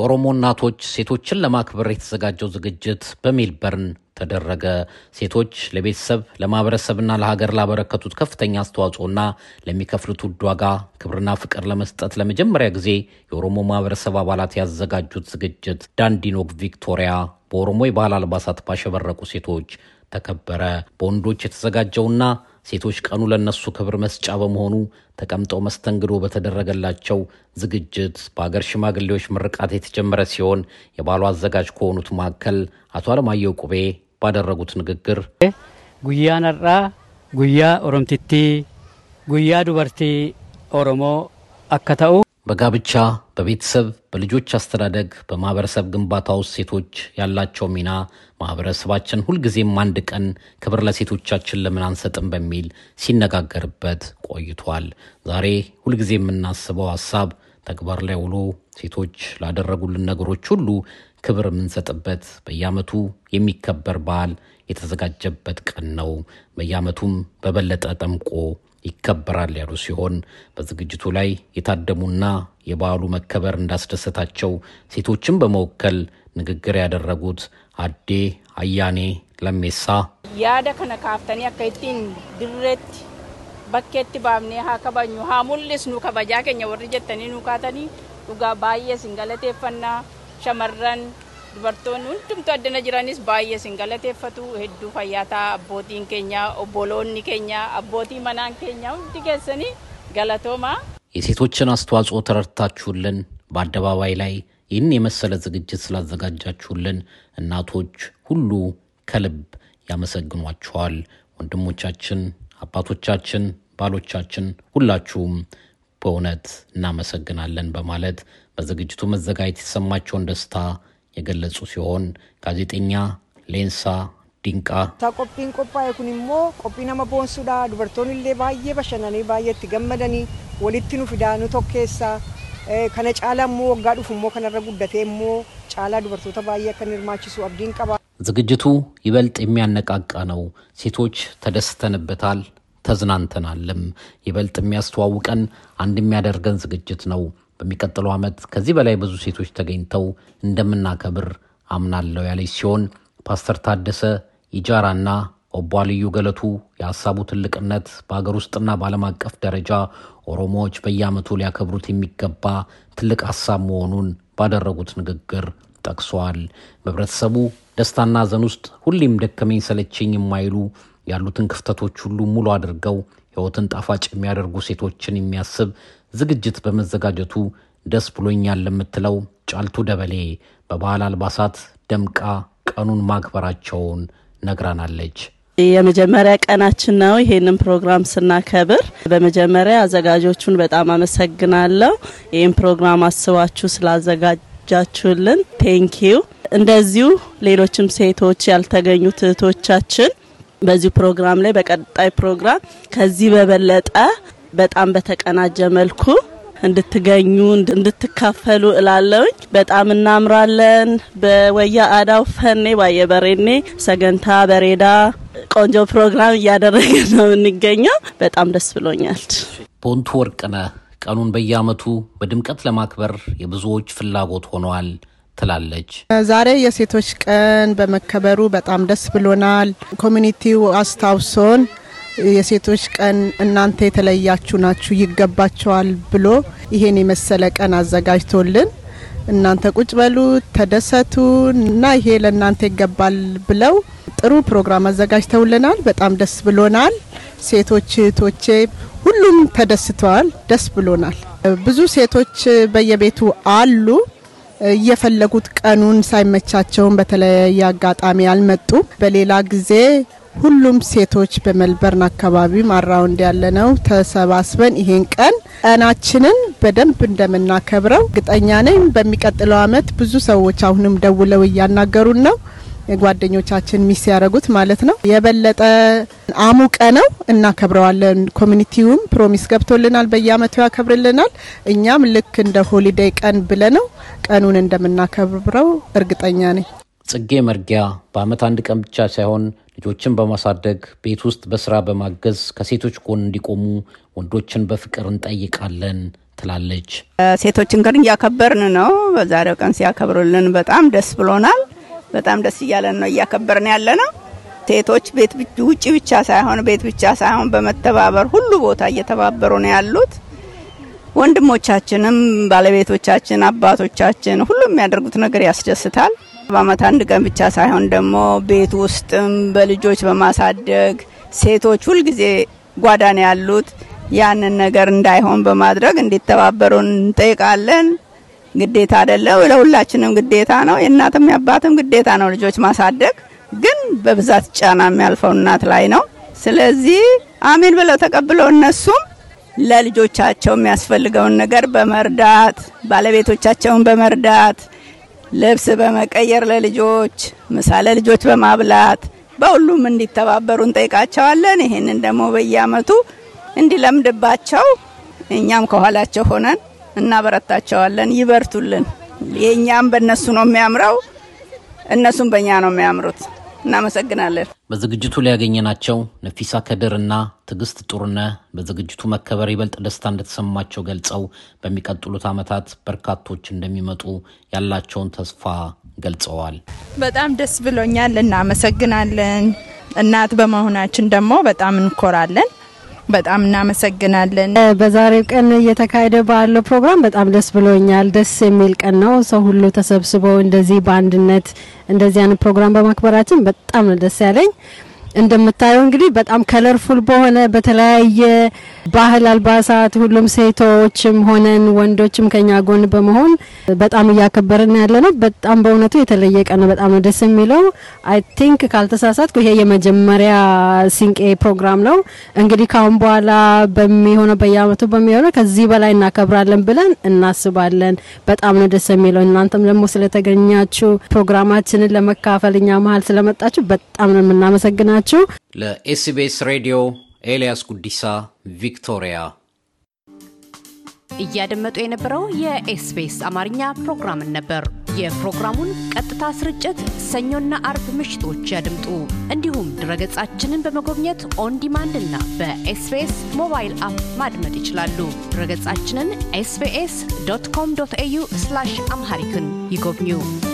የኦሮሞ እናቶች ሴቶችን ለማክበር የተዘጋጀው ዝግጅት በሜልበርን ተደረገ። ሴቶች ለቤተሰብ ለማህበረሰብና ለሀገር ላበረከቱት ከፍተኛ አስተዋጽኦና ለሚከፍሉት ውድ ዋጋ ክብርና ፍቅር ለመስጠት ለመጀመሪያ ጊዜ የኦሮሞ ማህበረሰብ አባላት ያዘጋጁት ዝግጅት ዳንዲኖግ ቪክቶሪያ በኦሮሞ የባህል አልባሳት ባሸበረቁ ሴቶች ተከበረ። በወንዶች የተዘጋጀውና ሴቶች ቀኑ ለነሱ ክብር መስጫ በመሆኑ ተቀምጠው መስተንግዶ በተደረገላቸው ዝግጅት በአገር ሽማግሌዎች ምርቃት የተጀመረ ሲሆን የባሉ አዘጋጅ ከሆኑት መካከል አቶ አለማየሁ ቁቤ ባደረጉት ንግግር ጉያ ነራ ጉያ ኦሮምቲቲ ጉያ ዱበርቲ ኦሮሞ አከታኡ በጋብቻ በቤተሰብ በልጆች አስተዳደግ በማህበረሰብ ግንባታ ውስጥ ሴቶች ያላቸው ሚና ማህበረሰባችን ሁልጊዜም አንድ ቀን ክብር ለሴቶቻችን ለምን አንሰጥም በሚል ሲነጋገርበት ቆይቷል። ዛሬ ሁልጊዜ የምናስበው ሀሳብ ተግባር ላይ ውሎ ሴቶች ላደረጉልን ነገሮች ሁሉ ክብር የምንሰጥበት በየአመቱ የሚከበር በዓል የተዘጋጀበት ቀን ነው። በየአመቱም በበለጠ ጠምቆ ይከበራል ያሉ ሲሆን በዝግጅቱ ላይ የታደሙና የበዓሉ መከበር እንዳስደሰታቸው ሴቶችን በመወከል ንግግር ያደረጉት አዴ አያኔ ለሜሳ ያደ ከነ ካፍተኒ አከይቲን ድሬት በኬቲ ባምኔ ሀ ከበኙ ሀ ሙልስኑ ከበጃ ከኛ ወር ጀተኒ ካተኒ ዱጋ ባየ ፈና ሸመረን Dubartoonni hundumtuu addana jiranis baay'ee siin galateeffatu hedduu fayyaataa abbootiin keenya obboloonni keenya abbootii manaan keenya hundi keessanii galatoማ። የሴቶችን አስተዋጽኦ ተረድታችሁልን በአደባባይ ላይ ይህን የመሰለ ዝግጅት ስላዘጋጃችሁልን እናቶች ሁሉ ከልብ ያመሰግኗችኋል። ወንድሞቻችን፣ አባቶቻችን፣ ባሎቻችን ሁላችሁም በእውነት እናመሰግናለን በማለት በዝግጅቱ መዘጋጀት የተሰማቸውን ደስታ የገለጹ ሲሆን ጋዜጠኛ ሌንሳ ዲንቃ ቆጲን ኩን ሞ ቆጲ ነመ ቦንሱዳ ዱበርቶን ሌ ባየ ባየ ገመደኒ ኑ ቶኬሳ ከነ ጫላ ሞ ወጋ ዱፍ ሞ ከነረ ጉደቴ ሞ ጫላ ዱበርቶተ ባየ ከን ርማችሱ አብዲን ቀባ ዝግጅቱ ይበልጥ የሚያነቃቃ ነው። ሴቶች ተደስተንበታል፣ ተዝናንተናልም። ይበልጥ የሚያስተዋውቀን አንድ የሚያደርገን ዝግጅት ነው። በሚቀጥለው ዓመት ከዚህ በላይ ብዙ ሴቶች ተገኝተው እንደምናከብር አምናለሁ ያለች ሲሆን ፓስተር ታደሰ ኢጃራና ኦቧ ልዩ ገለቱ የሀሳቡ ትልቅነት በአገር ውስጥና በዓለም አቀፍ ደረጃ ኦሮሞዎች በየዓመቱ ሊያከብሩት የሚገባ ትልቅ ሀሳብ መሆኑን ባደረጉት ንግግር ጠቅሰዋል። በህብረተሰቡ ደስታና ዘን ውስጥ ሁሌም ደከመኝ ሰለቸኝ የማይሉ ያሉትን ክፍተቶች ሁሉ ሙሉ አድርገው ሕይወትን ጣፋጭ የሚያደርጉ ሴቶችን የሚያስብ ዝግጅት በመዘጋጀቱ ደስ ብሎኛል ለምትለው ጫልቱ ደበሌ በባህል አልባሳት ደምቃ ቀኑን ማክበራቸውን ነግራናለች። የመጀመሪያ ቀናችን ነው። ይሄንን ፕሮግራም ስናከብር በመጀመሪያ አዘጋጆቹን በጣም አመሰግናለሁ። ይህን ፕሮግራም አስባችሁ ስላዘጋጃችሁልን ቴንኪዩ። እንደዚሁ ሌሎችም ሴቶች ያልተገኙት እህቶቻችን በዚሁ ፕሮግራም ላይ በቀጣይ ፕሮግራም ከዚህ በበለጠ በጣም በተቀናጀ መልኩ እንድትገኙ እንድትካፈሉ እላለውኝ። በጣም እናምራለን። በወያ አዳው ፈኔ ባየ በሬኔ ሰገንታ በሬዳ ቆንጆ ፕሮግራም እያደረገ ነው የምንገኘው። በጣም ደስ ብሎኛል። ቦንቱ ወርቅነ ቀኑን በየአመቱ በድምቀት ለማክበር የብዙዎች ፍላጎት ሆነዋል ትላለች። ዛሬ የሴቶች ቀን በመከበሩ በጣም ደስ ብሎናል። ኮሚኒቲው አስታውሶን የሴቶች ቀን እናንተ የተለያችሁ ናችሁ ይገባቸዋል ብሎ ይሄን የመሰለ ቀን አዘጋጅቶልን እናንተ ቁጭ በሉ ተደሰቱ እና ይሄ ለእናንተ ይገባል ብለው ጥሩ ፕሮግራም አዘጋጅተውልናል። በጣም ደስ ብሎናል። ሴቶች እህቶቼ ሁሉም ተደስተዋል። ደስ ብሎናል። ብዙ ሴቶች በየቤቱ አሉ። እየፈለጉት ቀኑን ሳይመቻቸውን በተለያየ አጋጣሚ አልመጡ። በሌላ ጊዜ ሁሉም ሴቶች በመልበርን አካባቢ ማራውንድ ያለ ነው ተሰባስበን ይሄን ቀን ቀናችንን በደንብ እንደምናከብረው እርግጠኛ ነኝ። በሚቀጥለው አመት ብዙ ሰዎች አሁንም ደውለው እያናገሩን ነው ጓደኞቻችን ሚስ ያደረጉት ማለት ነው። የበለጠ አሙቀ ነው እናከብረዋለን። ኮሚኒቲውም ፕሮሚስ ገብቶልናል፣ በየአመቱ ያከብርልናል። እኛም ልክ እንደ ሆሊዴይ ቀን ብለ ነው ቀኑን እንደምናከብረው እርግጠኛ ነኝ። ጽጌ መርጊያ በአመት አንድ ቀን ብቻ ሳይሆን ልጆችን በማሳደግ ቤት ውስጥ በስራ በማገዝ ከሴቶች ጎን እንዲቆሙ ወንዶችን በፍቅር እንጠይቃለን ትላለች። ሴቶችን ቀን እያከበርን ነው። በዛሬው ቀን ሲያከብሩልን በጣም ደስ ብሎናል። በጣም ደስ እያለን ነው እያከበርን ያለ ነው። ሴቶች ቤት ውጭ ብቻ ሳይሆን ቤት ብቻ ሳይሆን በመተባበር ሁሉ ቦታ እየተባበሩ ነው ያሉት። ወንድሞቻችንም፣ ባለቤቶቻችን፣ አባቶቻችን ሁሉ የሚያደርጉት ነገር ያስደስታል። በአመት አንድ ቀን ብቻ ሳይሆን ደግሞ ቤት ውስጥም በልጆች በማሳደግ ሴቶች ሁልጊዜ ጓዳን ያሉት ያንን ነገር እንዳይሆን በማድረግ እንዲተባበሩን እንጠይቃለን። ግዴታ አይደለም፣ ለሁላችንም ግዴታ ነው። የእናትም የአባትም ግዴታ ነው ልጆች ማሳደግ። ግን በብዛት ጫና የሚያልፈው እናት ላይ ነው። ስለዚህ አሜን ብለው ተቀብለው እነሱም ለልጆቻቸው የሚያስፈልገውን ነገር በመርዳት ባለቤቶቻቸውን በመርዳት ልብስ በመቀየር ለልጆች ምሳ ለልጆች በማብላት በሁሉም እንዲተባበሩ እንጠይቃቸዋለን። ይህንን ደግሞ በየአመቱ እንዲለምድባቸው እኛም ከኋላቸው ሆነን እናበረታቸዋለን። ይበርቱልን። የእኛም በእነሱ ነው የሚያምረው፣ እነሱም በእኛ ነው የሚያምሩት። እናመሰግናለን። በዝግጅቱ ላይ ያገኘናቸው ነፊሳ ከድር እና ትዕግስት ጡርነ በዝግጅቱ መከበር ይበልጥ ደስታ እንደተሰማቸው ገልጸው በሚቀጥሉት ዓመታት በርካቶች እንደሚመጡ ያላቸውን ተስፋ ገልጸዋል። በጣም ደስ ብሎኛል። እናመሰግናለን። እናት በመሆናችን ደግሞ በጣም እንኮራለን። በጣም እናመሰግናለን። በዛሬው ቀን እየተካሄደ ባለው ፕሮግራም በጣም ደስ ብሎኛል። ደስ የሚል ቀን ነው። ሰው ሁሉ ተሰብስበው እንደዚህ በአንድነት እንደዚህ አይነት ፕሮግራም በማክበራችን በጣም ነው ደስ ያለኝ። እንደምታየው እንግዲህ በጣም ከለርፉል በሆነ በተለያየ ባህል አልባሳት ሁሉም ሴቶችም ሆነን ወንዶችም ከኛ ጎን በመሆን በጣም እያከበርን ያለ ነው። በጣም በእውነቱ የተለየ ቀን ነው። በጣም ነው ደስ የሚለው። አይ ቲንክ ካልተሳሳትኩ ይሄ የመጀመሪያ ሲንቄ ፕሮግራም ነው። እንግዲህ ካሁን በኋላ በሚሆነው በየአመቱ በሚሆነው ከዚህ በላይ እናከብራለን ብለን እናስባለን። በጣም ነው ደስ የሚለው። እናንተም ደግሞ ስለተገኛችሁ ፕሮግራማችንን ለመካፈል እኛ መሀል ስለመጣችሁ በጣም ነው የምናመሰግናችሁ። ናቸው። ለኤስቢኤስ ሬዲዮ ኤልያስ ጉዲሳ ቪክቶሪያ። እያደመጡ የነበረው የኤስቢኤስ አማርኛ ፕሮግራምን ነበር። የፕሮግራሙን ቀጥታ ስርጭት ሰኞና አርብ ምሽቶች ያድምጡ። እንዲሁም ድረገጻችንን በመጎብኘት ኦንዲማንድ እና በኤስቢኤስ ሞባይል አፕ ማድመጥ ይችላሉ። ድረገጻችንን ኤስቢኤስ ዶት ኮም ዶት ኤዩ አምሃሪክን ይጎብኙ።